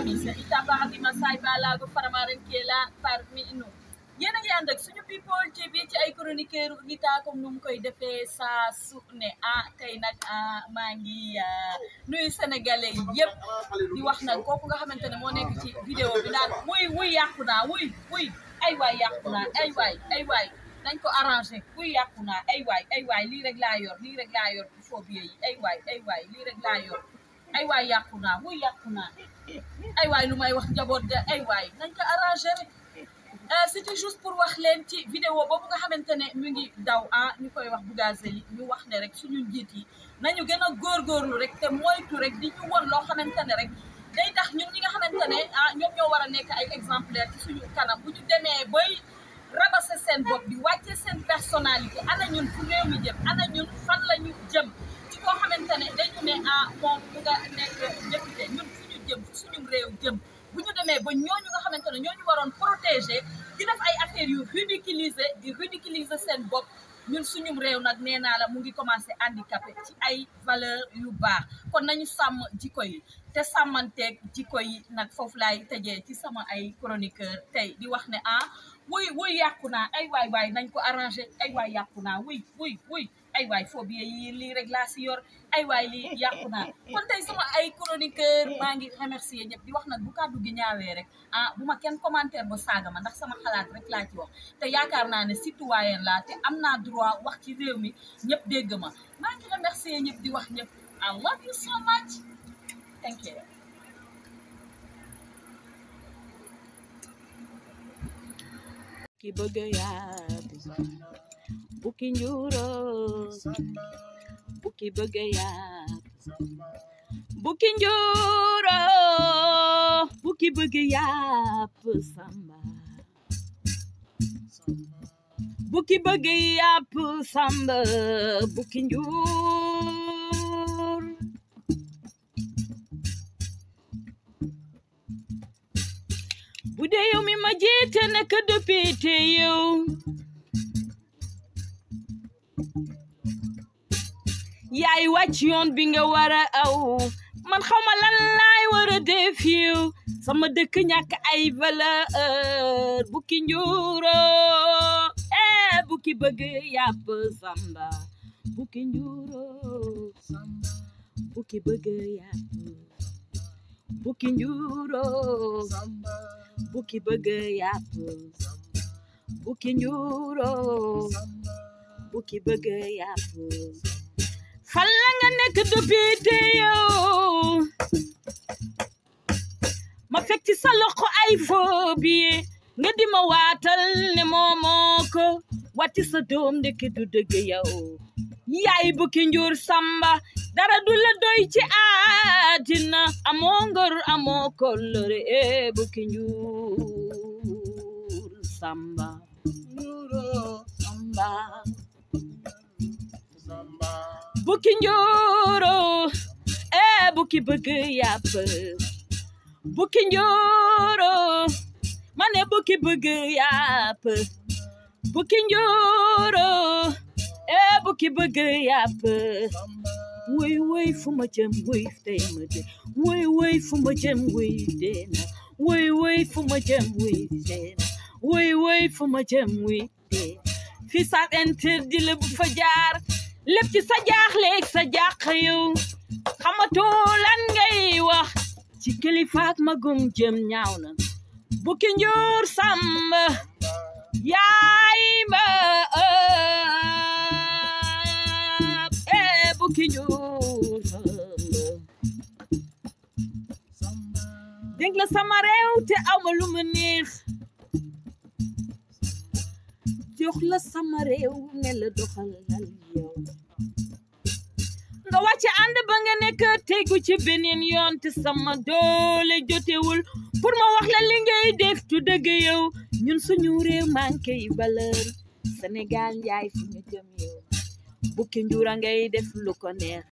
Amisi Itaba Hakima Sayba Laago Faramaren Kella parmi nous yéen a ngi ànd ak suñu people TV ci ay chroniqueur Rita comme nu mu koy defe saa su ne ah tey nag ah maa ngi ah, nuyu sénégalais yëpp di wax ko ku nga xamante ne moo nekk ci vidéo bi naan wuy wuy yàqu naa wuy wuy ay waay yàqu na ay waay ay waay nañ ko arrangé wuy yàqu naa ay waay ay waay lii rek laa yor lii rek laa yi ay way ay waay yor ay waay yàqu naa muy yàqu naa ay waay lu may wax njaboot ga ay waay nañ ko arrangé rek euh, c'était juste pour wax leen ci vidéo boobu nga xamante ne mu ngi daw ah ñu koy wax Bougazelli ñu wax ne rek suñu njiit yi nañu gën a góorgóorlu rek te moytu rek di ñu loo xamante ne rek day tax ñun ñi nga xamante ne ah, ñoom ñoo war a nekk ay exemplaire ci suñu kanam bu ñu demee bay rabase seen bopp bi wàcce seen personnalité ana ñun fu réew mi jëm ana ñun fan la jëm koo xamante ne dañu ne ah moom mu nga nekk député ñun fu jëm fu suñu réew jëm bu ñu demee ba ñooñu nga xamante ne ñooñu waroon protéger di def ay affaires yu ridiculiser di ridiculiser seen bopp ñun suñu réew nag nee naa la mu ngi commencé handicapé ci ay valeur yu baax kon nañu sàmm jikko yi te sàmmanteeg jikko yi nag foofu laay tëjee ci sama ay chroniqueur tey di wax ne ah wuy wuy yàqu naa ay waay waay nañ ko arrangé ay waay yàqu naa wuy wuy wuy ay waay phobie yi lii rek laa si yor ay waay lii yàqu naa kon tey sama ay chroniqueur maa ngi remercier ñëpp di wax nag bu kàddu gi ñaawee rek ah bu ma kenn commentaire ba saaga ma ndax sama xalaat rek laa ci wax te yaakaar naa ne citoyen laa te am naa droit wax ki réew mi ñëpp dégg ma maa ngi remercier ñëpp di wax ñëpp I love you so much thank you bukki bëgg yaatu bukki njuuro bukki bëgg yàpp samba bukki bëgg yàpp samba bukki njuur bu dee yow mi ma jiite nekk dëppite yow yaay wàcc yoon bi nga war a aw man xaw ma lan laay sama dëkk ñàkk ay valeur bukki njuuroo eh bukki bëgg yàpp samba bukki njuuroo bukki bëgg yàpp bukki njuuroo bukki bëgg yàpp fan la nga nekk député yow ma fekk ci ay faux billets nga di waatal ne moomoo ko wati sa du dëgg yow yaay bukki njur samba dara du la doy ci àddina amoo ngor amoo eh, bukki njur samba bukki njooro ee bukki bëgg yàpp bukki njooro ma ne bukki bëgg yàpp ee bukki bëgg yàpp woy woy fu ma jëm woy tey ma de fu ma jëm woy dee na woy fu ma jëm woy dee na woy fu ma jëm woy dee fi sax interdit la bu fa jaar lépp ci sa jaaxleeg sa jàq yow xamatoo lan ngay wax ci kilifaak magum jëm ñaaw na bukki njuur sàmm yaay ma ëpp ee eh, bukki njuur dénk la sama réew te aw ma lu ma neex jox la sama réew ne la doxalal yow nga wàcce ànd ba nga nekk tegu ci beneen yoon sama doole jotewul pour ma wax la li ngay def tu dëgg yow ñun suñu réew manqué yi valeur Sénégal njaay fi ñu jëm yow bukki njuura ngay def lu ko neex